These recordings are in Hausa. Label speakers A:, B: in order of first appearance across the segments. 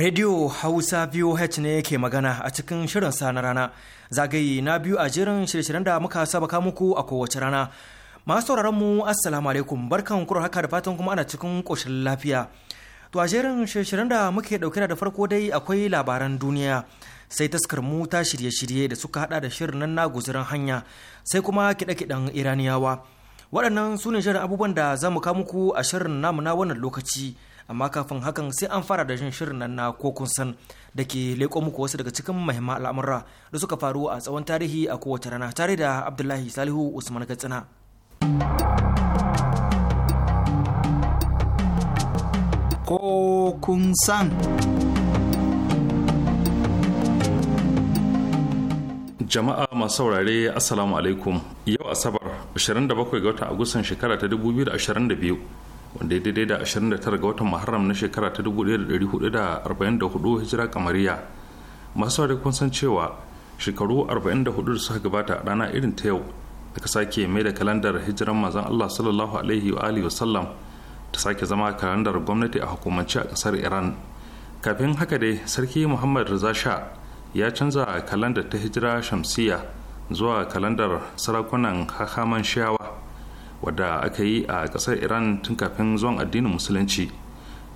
A: Radio Hausa VOH ne ke magana a cikin shirin sa na rana zagaye na biyu a jirin shirye-shiryen da muka saba muku a kowace rana. Masu sauraron mu assalamu alaikum barkan kura haka da fatan kuma ana cikin ƙoshin lafiya. To a jerin shirye-shiryen da muke ɗauke da farko dai akwai labaran duniya sai taskar mu ta shirye-shirye da suka hada da shirin nan na guzuran hanya sai kuma kiɗe kiɗan Iraniyawa. Waɗannan su ne shirin abubuwan da za mu kawo muku a shirin namu na wannan lokaci. amma kafin hakan sai an fara da jin shirin nan na kokun san da ke leƙo muku wasu daga cikin mahimman al'amura da suka faru a tsawon tarihi a kowace rana tare da abdullahi salihu usman katsina
B: kokun san
C: jama'a masu saurare assalamu alaikum yau asabar 27 ga watan agustan shekara ta 2022 wanda ya daidai da 29 ga watan muharram na shekara ta 1444 hijira kamariya masu sauri kun san cewa shekaru 44 da suka gabata a rana irin ta yau aka sake mai da kalandar hijiran mazan Allah sallallahu alaihi wa alihi wasallam ta sake zama kalandar gwamnati a hukumance a kasar Iran kafin haka dai sarki Muhammad Reza ya canza kalandar ta hijira shamsiya zuwa kalandar sarakunan hakaman shawa wadda aka yi a ƙasar iran tun kafin zuwan addinin musulunci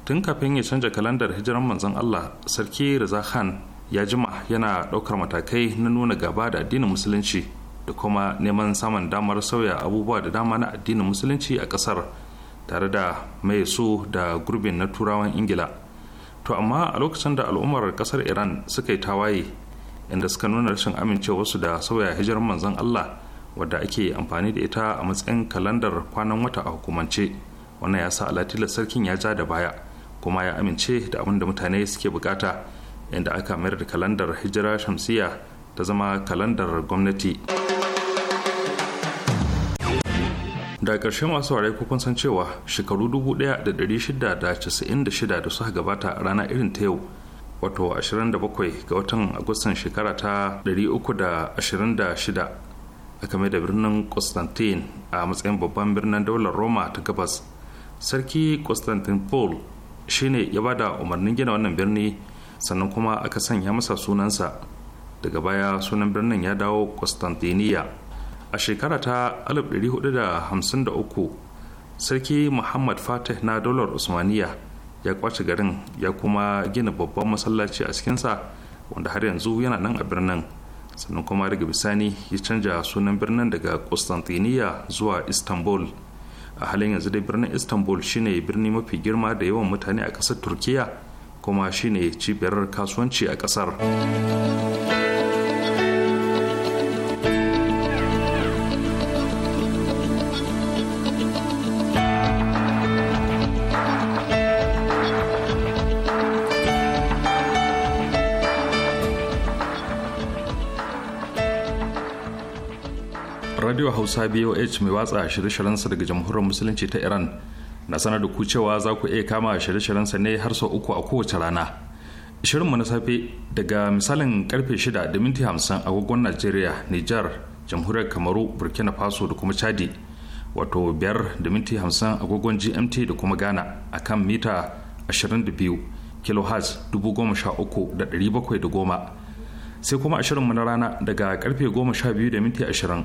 C: tun kafin ya canja kalandar hijiran manzon allah sarki raza khan ya jima yana ɗaukar matakai na nuna gaba da addinin musulunci da kuma neman samun damar sauya abubuwa da dama na addinin musulunci a ƙasar tare da mai su da gurbin na turawan ingila to amma a lokacin da al'ummar ƙasar iran suka yi tawaye inda suka nuna rashin amincewarsu da sauya hijiran manzon allah wadda ake amfani da ita a matsayin kalandar kwanan wata a hukumance wannan ya sa alatilar sarkin ya ja da baya kuma ya amince da abin da mutane suke bukata inda aka mayar da kalandar hijira shamsiya ta zama kalandar gwamnati da ƙarshe masu ware kukun san cewa shekaru 1696 da suka gabata a rana irin ta yau wato 27 ga watan agustan shekara ta 326 a game da birnin constantine a matsayin babban birnin daular roma ta gabas sarki constantinople shine ya ba da umarnin gina wannan birni sannan kuma aka sanya masa sunansa daga baya sunan birnin ya dawo constantiniya a shekara ta 1453 sarki muhammad fatih na daular usmaniya ya kwace garin ya kuma gina babban masallaci a cikinsa wanda har yanzu yana nan a birnin sannan kuma daga bisani ya canja sunan birnin daga constantiniya zuwa istanbul a halin yanzu dai birnin istanbul shine birni mafi girma da yawan mutane a ƙasar turkiya kuma shine cibiyar kasuwanci a ƙasar hausa boh mai watsa shirye-shiryensa daga jamhuriyar musulunci ta iran na sanar da ku cewa za ku iya kama shirye-shiryensa ne har sau uku a kowace rana mu na safe daga misalin karfe shida da minti 50 agogon najeriya nijar jamhuriyar kamaru burkina faso da kuma chadi wato 5 da minti 50 agogon gmt da kuma ghana a kan mita 22 da 13710 sai kuma mu na rana daga karfe goma sha biyu da minti ashirin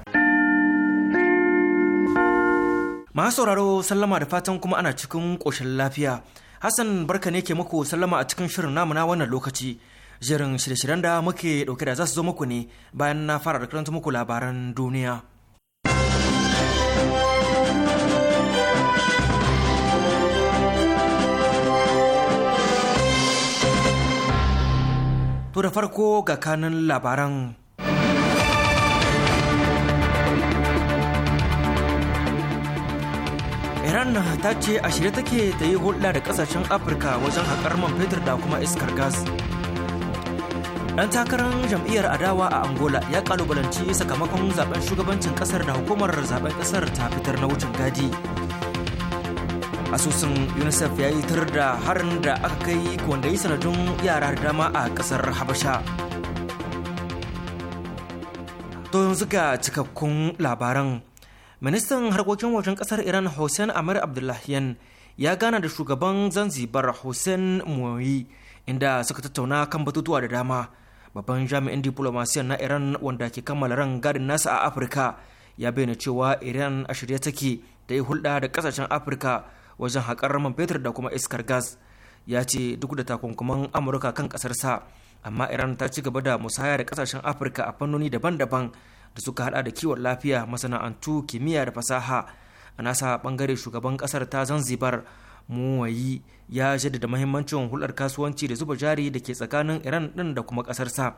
A: Masu sauraro sallama da fatan kuma ana cikin ƙoshin lafiya. Hassan barka ne ke muku sallama a cikin shirin namu na wannan lokaci. Jirin shirye-shiryen da muke ɗauke da za su zo muku ne bayan na fara da karanta muku labaran duniya. To da farko ga kanin labaran iran ta ce a shirye take ta yi hulɗa da ƙasashen afirka wajen haƙar man fetur da kuma iskar gas Ɗan takarar jam'iyyar adawa a angola ya ƙalubalanci sakamakon zaben shugabancin ƙasar da hukumar zaben ƙasar ta fitar na wucin gadi asusun unicef ya yi tar da harin da aka kai wanda yi sanadun yara dama a ƙasar habasha to yanzu ga cikakkun labaran ministan harkokin wajen kasar iran hussein amir abdullahian ya gana da shugaban zanzibar hussein moyi inda suka tattauna kan batutuwa da dama babban jami'in diplomasiyan na iran wanda ke kammala ran gadin nasa a afirka ya bayyana cewa iran a shirye take da ya hulɗa da kasashen afirka wajen haƙar man fetur da kuma iskar gas ya ce duk da takunkuman amurka kan sa amma iran ta ci gaba da musaya da ƙasashen afirka a fannoni daban-daban da suka hada da kiwon lafiya masana'antu kimiyya da fasaha a nasa bangare shugaban kasar ta zanzibar muwayi ya jaddada mahimmancin hulɗar kasuwanci da zuba jari da ke tsakanin iran din da kuma ƙasarsa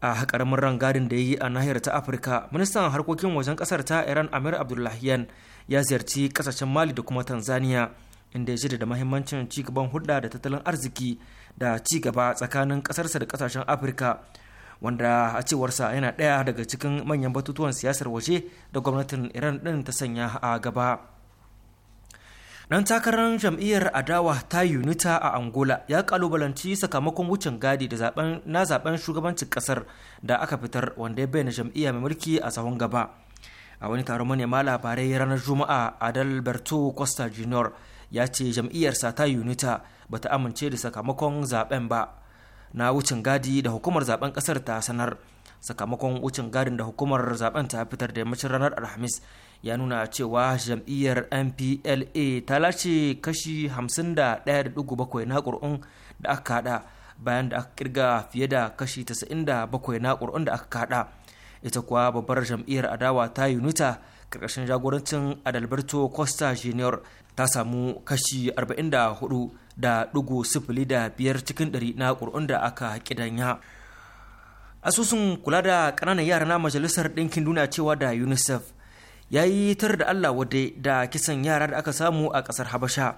A: a karamin rangadin da ya yi a nahiyar ta afirka ministan harkokin wajen ƙasar ta iran amir abdullahiyan ya ziyarci kasashen mali da kuma tanzania inda ya jaddada mahimmancin ci gaban hulɗa da tattalin arziki da ci gaba tsakanin kasarsa da kasashen afirka wanda a cewarsa yana ɗaya daga cikin manyan batutuwan siyasar waje da gwamnatin iran ɗin ta sanya a gaba dan takarar jam'iyyar adawa ta unita a angola ya kalubalanci sakamakon wucin gadi da zaben na zaben shugabancin kasar da aka fitar wanda ya bayyana jam'iyya mai mulki a sahun gaba a wani taron manema labarai ranar juma'a adalberto costa junior ya ce jam'iyyarsa ta unita bata amince da sakamakon zaben ba na wucin gadi da hukumar zaben kasar ta sanar sakamakon wucin gadin da hukumar zaben ta fitar da yammacin ranar alhamis ya nuna cewa jam'iyyar mpla ta lace kashi 51.7 na ƙuri'un da aka kada bayan da aka kirga fiye da kashi 97 na ƙuri'un da aka kada ita kuwa babbar jam'iyyar adawa ta unita ƙarƙashin jagorancin adalberto costa junior ta samu kashi 44 da ɗigo sifili da biyar cikin ɗari na kur'un da aka kidanya asusun kula da ƙananan yara na majalisar ɗinkin duniya cewa da unicef ya yi tar da allah wadai da kisan yara da aka samu a ƙasar habasha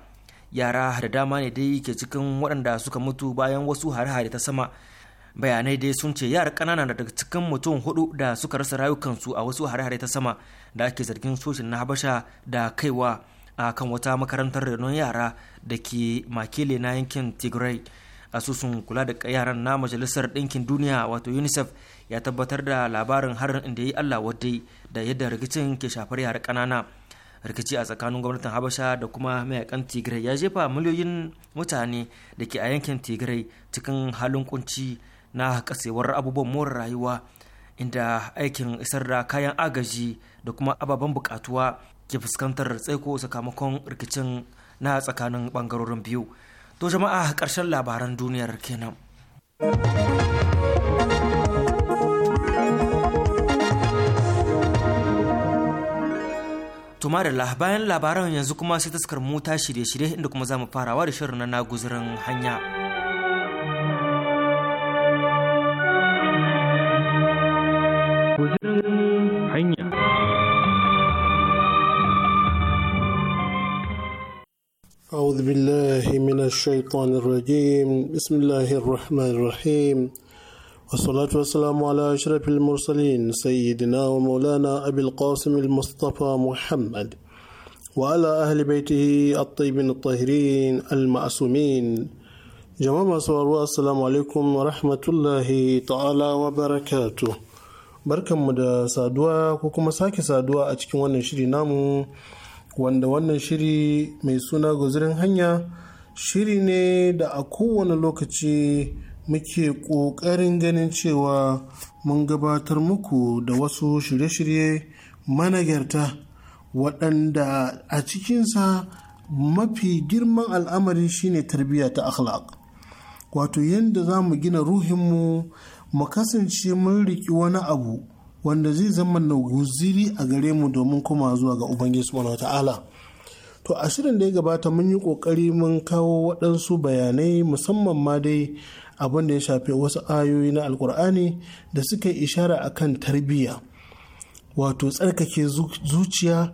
A: yara da dama ne dai ke cikin waɗanda suka mutu bayan wasu hare-hare ta sama bayanai dai sun ce yara kanana daga cikin mutum hudu da suka rasa rayukansu a wasu hare-hare ta sama da ake zargin soshin na habasha da kaiwa a kan wata makarantar renon yara da ke makile na yankin tigray asusun kula da yaran na majalisar ɗinkin duniya wato unicef ya tabbatar da labarin harin inda yi allah wadai da yadda rikicin ke shafar yara ƙanana rikici a tsakanin gwamnatin habasha da kuma mayakan tigray ya jefa miliyoyin mutane da ke a yankin tigray cikin halin kunci na kasewar abubuwan more rayuwa inda aikin isar da kayan agaji da kuma ababen bukatuwa ke fuskantar tsaiko sakamakon rikicin na tsakanin bangarorin biyu to jama'a ƙarshen labaran duniyar kenan tuma bayan labaran yanzu kuma sai taskar mu ta shirye-shirye inda kuma za mu farawa da shirin na guzurin
C: hanya.
D: أعوذ بالله من الشيطان الرجيم بسم الله الرحمن الرحيم والصلاة والسلام على أشرف المرسلين سيدنا ومولانا أبي القاسم المصطفى محمد وعلى أهل بيته الطيبين الطاهرين المعصومين جماعة صور السلام عليكم ورحمة الله تعالى وبركاته barkanmu da saduwa ko kuma sake saduwa a cikin wannan shiri namu wanda wannan shiri mai suna guzurin hanya shiri ne da a kowane lokaci muke ƙoƙarin ganin cewa mun gabatar muku da wasu shirye-shirye managarta waɗanda a cikinsa mafi girman al'amari shine tarbiyya ta akhlaq wato yadda za mu gina ruhinmu mu kasance mun riƙi wani abu wanda zai zama na guziri a gare mu domin kuma zuwa ga ubangiji subhanahu ta'ala to a shirin da ya gabata mun yi kokari mun kawo waɗansu bayanai musamman ma dai abin da ya shafi wasu ayoyi na alkur'ani da suka yi ishara a kan tarbiyya wato tsarkake zuciya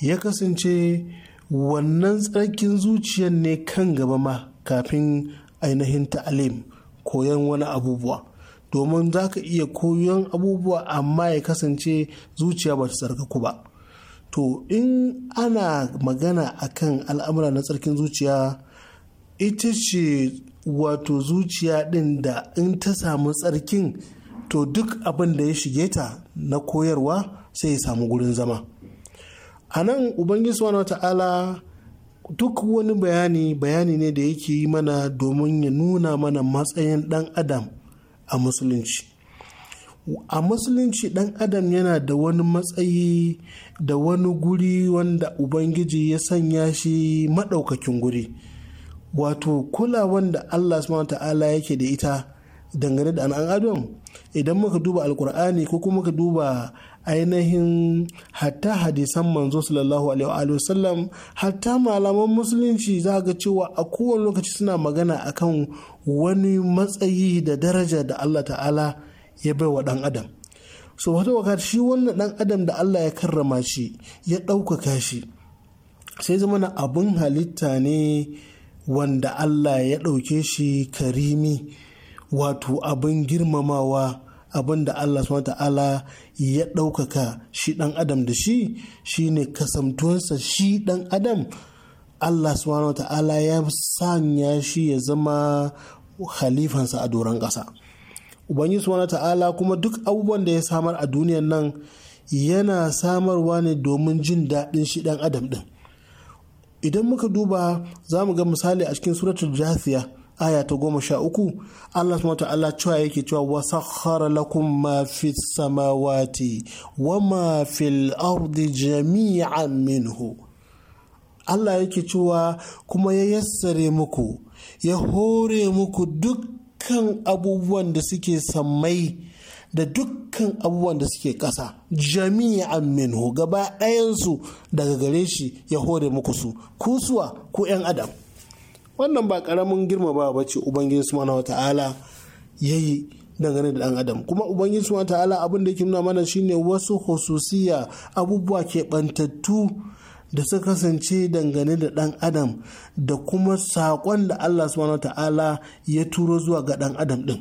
D: ya kasance wannan tsarkin zuciyar ne kan gaba ma kafin ainihin ta'alim koyon wani abubuwa domin za ka iya koyon abubuwa amma ya kasance zuciya ba ta tsarkaku ba to in ana magana akan al'amura na tsarkin zuciya ita ce wato zuciya ɗin da in ta samu tsarkin to duk abin da ya shige ta na koyarwa sai ya samu gurin zama a nan ubangiji wa ta'ala duk wani bayani bayani ne da yake yi mana domin ya nuna mana matsayin dan adam a musulunci a musulunci ɗan adam yana da wani matsayi da wani guri wanda ubangiji ya sanya shi maɗaukakin guri wato kula wanda allah subhanahu ta'ala yake da ita dangane da an adam idan muka duba alkur'ani ko kuma muka duba ainihin hatta hadisan manzo sallallahu alaihi wa sallam hatta malaman musulunci za ga cewa a kowane lokaci suna magana akan wani matsayi da daraja da Allah ta'ala ya bai wa dan adam so wata waka shi wannan dan adam da Allah ya karrama shi ya ɗaukaka shi sai zama na abin halitta ne wanda Allah ya ɗauke shi karimi wato abin girmamawa abin da Allah subhanahu ta'ala ya ɗaukaka shi ɗan adam da shi shi ne kasamtuwarsa shi ɗan adam Allah subhanahu ta'ala ya sanya shi ya zama halifansa a doron ƙasa ubangiji subhanahu ta'ala kuma duk abubuwan da ya samar a duniyan nan yana samarwa ne domin jin daɗin shi ɗan adam ɗin idan muka duba za mu ga misali a cikin suratul jathiya aya ta goma sha uku Allah subhanahu ta'ala cewa yake cewa wa sakhara lakum ma fi samawati wa ma fil ardi jami'an minhu Allah yake cewa kuma ya yassare muku ya hore muku dukkan abubuwan da suke sammai da dukkan abubuwan da suke ƙasa jami'an minhu gaba ɗayansu daga gare shi ya hore muku su kusuwa ko 'yan adam wannan ba karamin girma ba ce ubangiji subhanahu wata'ala yi dangane da dan adam kuma ubangiji subhanahu wata'ala abin da yake nuna mana shine wasu hususiya abubuwa bantattu da suka kasance dangane da ɗan adam da kuma saƙon da Allah subhanahu ta'ala ya turo zuwa ga ɗan adam ɗin.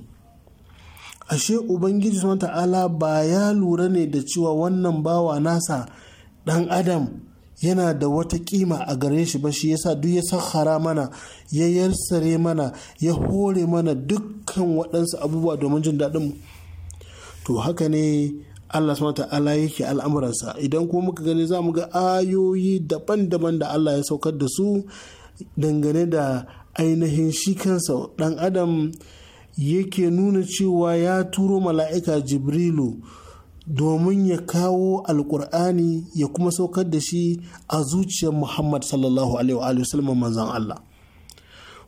D: Ashe Ubangiji subhanahu ta'ala ba ya lura ne da cewa wannan bawa nasa dan adam yana da wata kima a gare shi ba shi yasa duk ya sahara mana ya yarsare mana ya hore mana dukkan waɗansu abubuwa domin jin daɗin mu to haka ne Allah subhanahu ta'ala yake al'amuransa idan kuma muka gani za mu ga ayoyi daban-daban da Allah ya saukar da su dangane da ainihin shi kansa ɗan adam yake nuna cewa ya turo mala'ika jibrilu domin ya kawo alkur'ani ya kuma saukar da shi a zuciyar muhammad sallallahu alaihi wasallam manzan Allah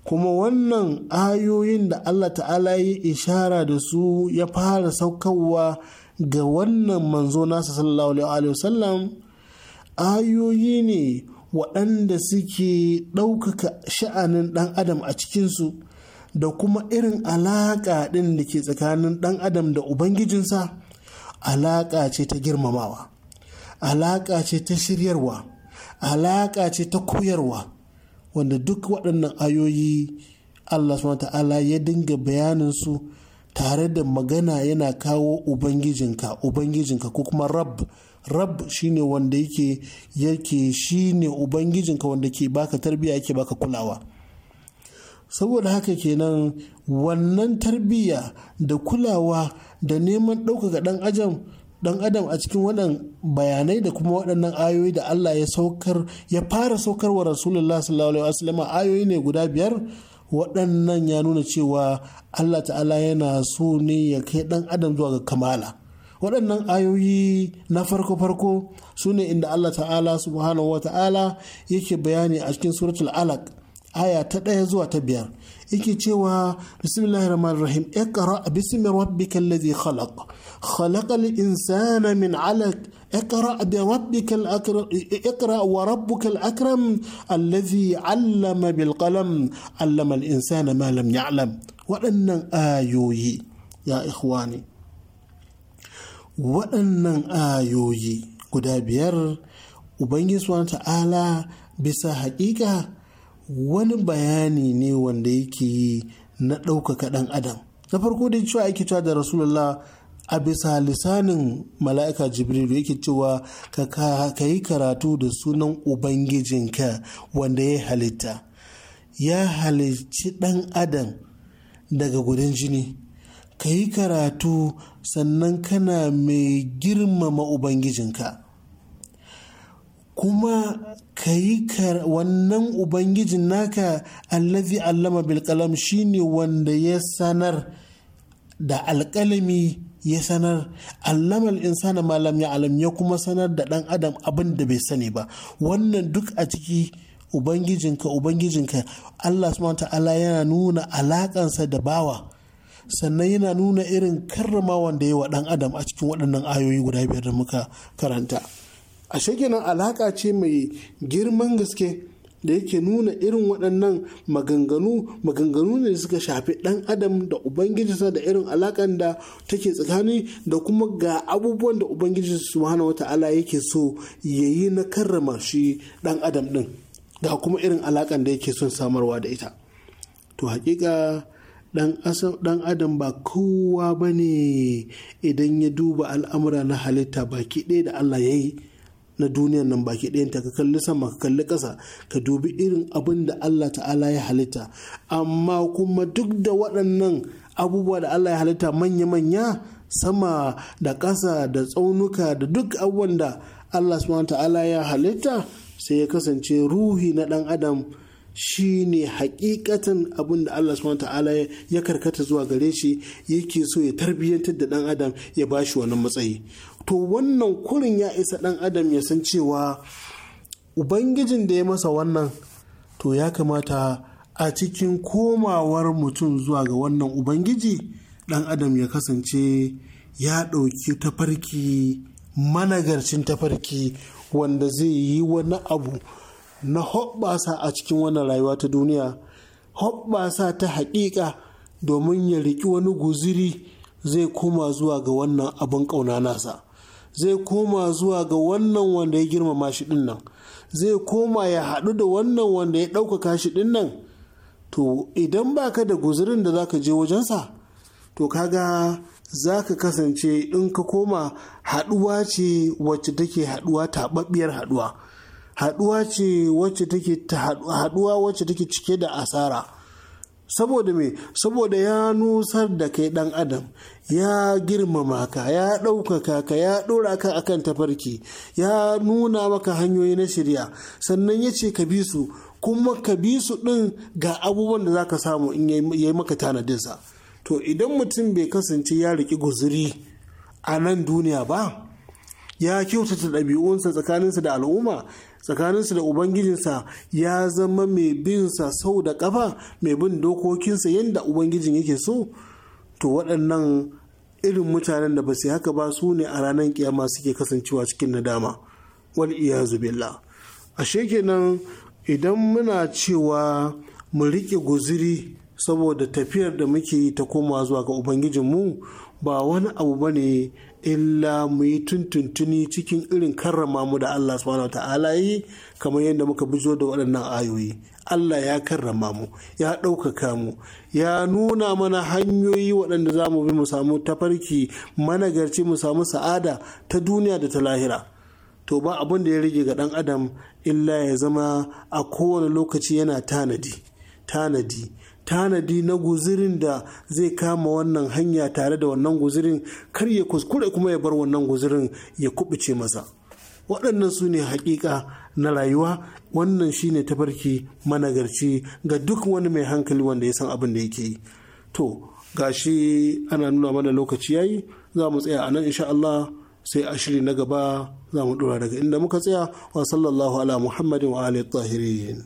D: kuma wannan ayoyin da Allah ta'ala ya ishara da su ya fara saukarwa ga wannan manzo nasa sallallahu alaihi wasallam ayoyi ne waɗanda suke ɗaukaka sha'anin ɗan adam a cikinsu da kuma irin alaƙa ɗin da ke tsakanin ɗan adam da ubangijinsa alaƙa ce ta girmamawa alaƙa ce ta shiryarwa alaƙa ce ta koyarwa wanda duk waɗannan ayoyi allah ta'ala ya dinga bayanin su tare da magana yana kawo ubangijinka ubangijinka ko kuma rab rab shine wanda yake yake shine ubangijinka wanda ke baka tarbiyya yake baka kulawa saboda haka kenan wannan tarbiyya da kulawa da neman ɗaukaka ɗan ajam ɗan adam a cikin waɗannan bayanai da kuma waɗannan ayoyi da Allah ya saukar ya fara saukar wa rasulullah sallallahu alaihi wasallam ayoyi ne guda biyar waɗannan ya nuna cewa Allah ta'ala yana so ne ya kai ɗan adam zuwa ga kamala waɗannan ayoyi na farko-farko su ne inda Allah ta'ala subhanahu wa ta'ala yake bayani a cikin suratul alaq aya ta ɗaya zuwa ta biyar yake cewa bismillahir rahmanir rahim iqra bismi rabbikal ladzi khalaq khalaqal insana min 'alaq iqra bi rabbikal akram iqra wa rabbukal akram alladhi 'allama bil qalam 'allama al insana ma lam ya'lam waɗannan ayoyi ya ikhwani waɗannan ayoyi guda biyar ubangiji subhanahu ta'ala bisa haƙiƙa wani bayani ne wanda yake yi na ɗaukaka ɗan adam na farko dai cewa ake cewa da rasulullah a bisa lisanin mala'ika jibrilu yake cewa ka yi karatu da sunan ubangijinka wanda ya halitta ya halicci ɗan adam daga gudun jini ka yi karatu sannan kana mai girmama ubangijinka kuma ka yi wannan ubangijin naka allazi allama bilkalam shine wanda ya sanar da alkalami ya sanar allamal insana malam ya alam ya kuma sanar da dan adam abin da bai sani ba wannan duk a ciki ubangijinka ubangijinka allah subhanahu ta'ala yana nuna alakansa da bawa sannan yana nuna irin karrama wanda ya wa dan adam a cikin waɗannan ayoyi guda biyar da muka karanta ashe kenan alaka ce mai girman gaske da yake nuna irin waɗannan maganganu maganganu ne suka shafi ɗan adam da ubangijinsa da irin alakan da take tsakani da kuma ga abubuwan da ubangiji subhanahu wata'ala yake so ya yi na karrama shi ɗan adam ɗin ga kuma irin alakan da yake son samarwa da ita to hakika ɗan adam ba kowa ba ne idan ya duba al'amura na halitta baki ɗaya da allah ya yi na duniyan nan baki ɗayanta ka kalli sama ka kalli ƙasa ka dubi irin abin da Allah ta'ala ya halitta amma kuma duk da waɗannan abubuwa da Allah ya halitta manya-manya sama da ƙasa da tsaunuka da duk abubuwan da Allah subhanahu ta'ala ya halitta sai ya kasance ruhi na ɗan adam shi ne hakikatan abin da Allah subhanahu ta'ala ya karkata zuwa gare shi yake so ya tarbiyyantar da ɗan adam ya bashi wannan matsayi to wannan kurin ya isa ɗan adam ya san cewa ubangijin da ya masa wannan to ya kamata a cikin komawar mutum zuwa ga wannan ubangiji ɗan adam ya kasance ya ɗauki tafarki managarcin tafarki wanda zai yi wani abu na hoɓɓasa a cikin wannan rayuwa ta duniya hoɓɓasa ta haƙiƙa domin ya riƙi wani guziri zai koma zuwa ga wannan abin ƙauna nasa zai koma zuwa ga wannan wanda ya girmama shi dinnan zai koma ya haɗu da wannan wanda ya ɗaukaka shi dinnan to idan baka da guzurin da za ka je wajensa to kaga za ka kasance in ka koma haɗuwa ce wacce take haɗuwa taɓaɓɓiyar haɗuwa haɗuwa ce wacce take cike da asara saboda me saboda ya nusar da kai dan adam ya girmama ka ya ɗaukaka ka ya ɗora ka kan tafarki ya nuna maka hanyoyi na shirya sannan ya ce ka bi su kuma ka bi su ɗin ga abubuwan da za ka samu in ya yi maka tanadinsa to idan mutum bai kasance ya riƙi guzuri a nan duniya ba ya kyautata ɗabi'unsa tsakaninsa da al'umma tsakaninsa da ubangijinsa ya zama mai binsa sau da kafa mai bin dokokinsa yadda ubangijin yake so to waɗannan irin mutanen da ba su haka ba su ne a ranar kiyama suke kasancewa cikin nadama wal iyazu billah ashe kenan idan muna cewa mu riƙe guziri saboda tafiyar da muke yi ta koma zuwa ga ubangijinmu ba wani abu ba ne illa mu yi tuntuntuni cikin irin karrama mu da Allah subhanahu wa ta'ala yi kamar yadda muka bizo da waɗannan ayoyi Allah ya karrama mu ya ɗaukaka mu ya nuna mana hanyoyi waɗanda za mu bi mu samu tafarki managarci mu samu sa'ada ta duniya da ta lahira to ba abin da ya rage ga ɗan adam illa ya zama a kowane lokaci yana tanadi tanadi tanadi na guzirin da zai kama wannan hanya tare da wannan guzirin kar ya kuskure kuma ya bar wannan guzirin ya kubuce masa waɗannan su ne hakika na rayuwa wannan shine tafarki managarci ga duk wani mai hankali wanda ya san abin da yake yi to gashi ana nuna mana lokaci yayi za mu tsaya a nan insha Allah sai a shiri na gaba za mu dora daga inda muka tsaya wa sallallahu ala muhammadin wa alihi tahirin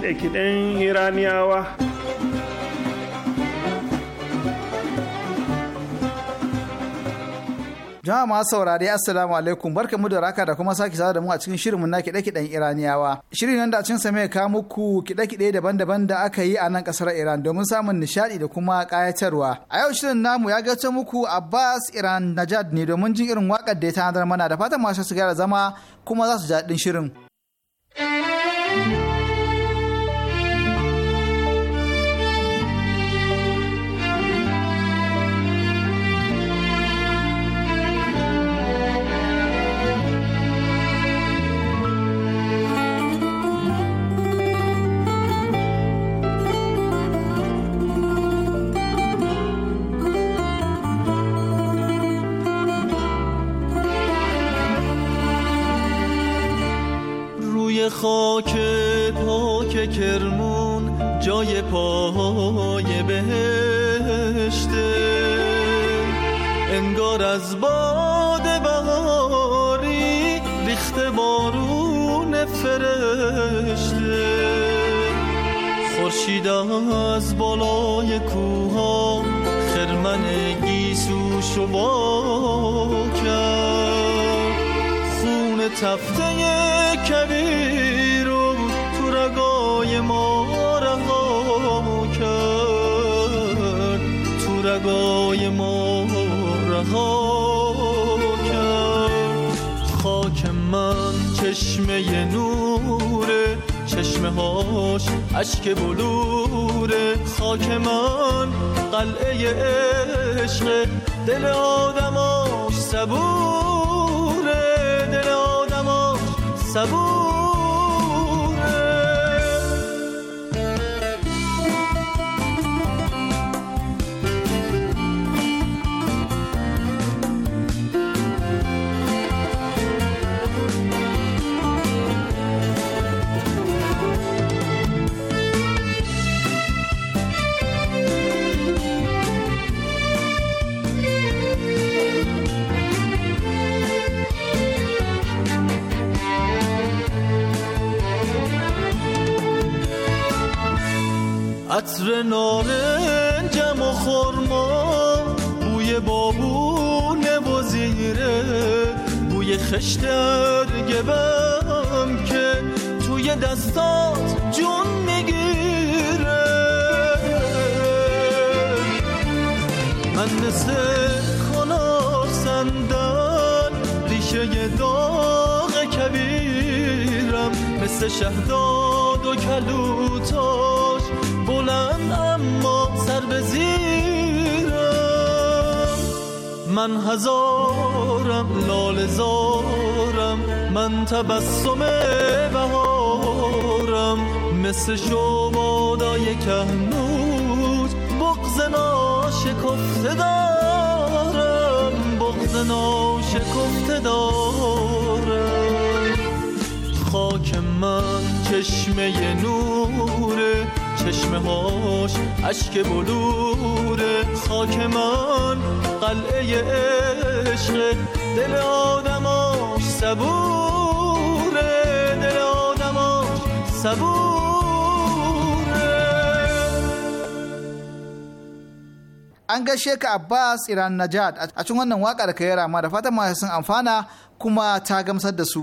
C: kiɗe-kiɗen iraniyawa
D: jama'a masu saurari assalamu alaikum barka mu da raka da kuma sake sada da mu a cikin shirinmu na kiɗe-kiɗen iraniyawa shirin nan da cin sa mai ka muku kiɗe-kiɗe daban-daban da aka yi a nan kasar iran domin samun nishaɗi da kuma kayatarwa. a yau shirin namu ya gaci muku abbas iran najad ne domin jin irin wakar da ya tanadar mana da fatan masu su gara zama kuma za su ji shirin.
B: از بالای کوها خرمن گیسو شبا کرد خون تف اشک بلور خاک من قلعه عشق دل آدماش صبوره دل آدماش صبور عطر نارنجم و خورما بوی بابونه و زیره بوی خشتر گبم که توی دستات جون میگیره من مثل کنار سندن ریشه داغ کبیرم مثل شهداد و کلوتان اما سر به زیرم من هزارم لال زارم من تبسم بهارم مثل شبادای کهنوت بغز ناشکفته دارم بغز ناشکفته دارم خاک من چشمه نوره چشمه هاش عشق بلور خاک من قلعه عشق دل آدم آدماش صبوره دل آدم آدماش صبوره
D: an gaishe ka Abbas Iran Najad a cikin wannan waƙar ka yi rama da fatan masu sun amfana kuma ta gamsar da su.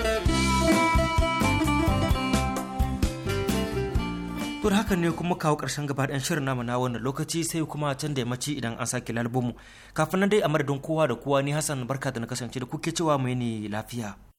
A: To da haka ne kuma kawo ƙarshen gaba ɗayan shirin namu na wannan lokaci sai kuma can da yammaci idan an sake lalbumu. Kafin nan dai a madadin kowa da kowa ni Hassan barka da na kasance da kuke cewa mai ne lafiya.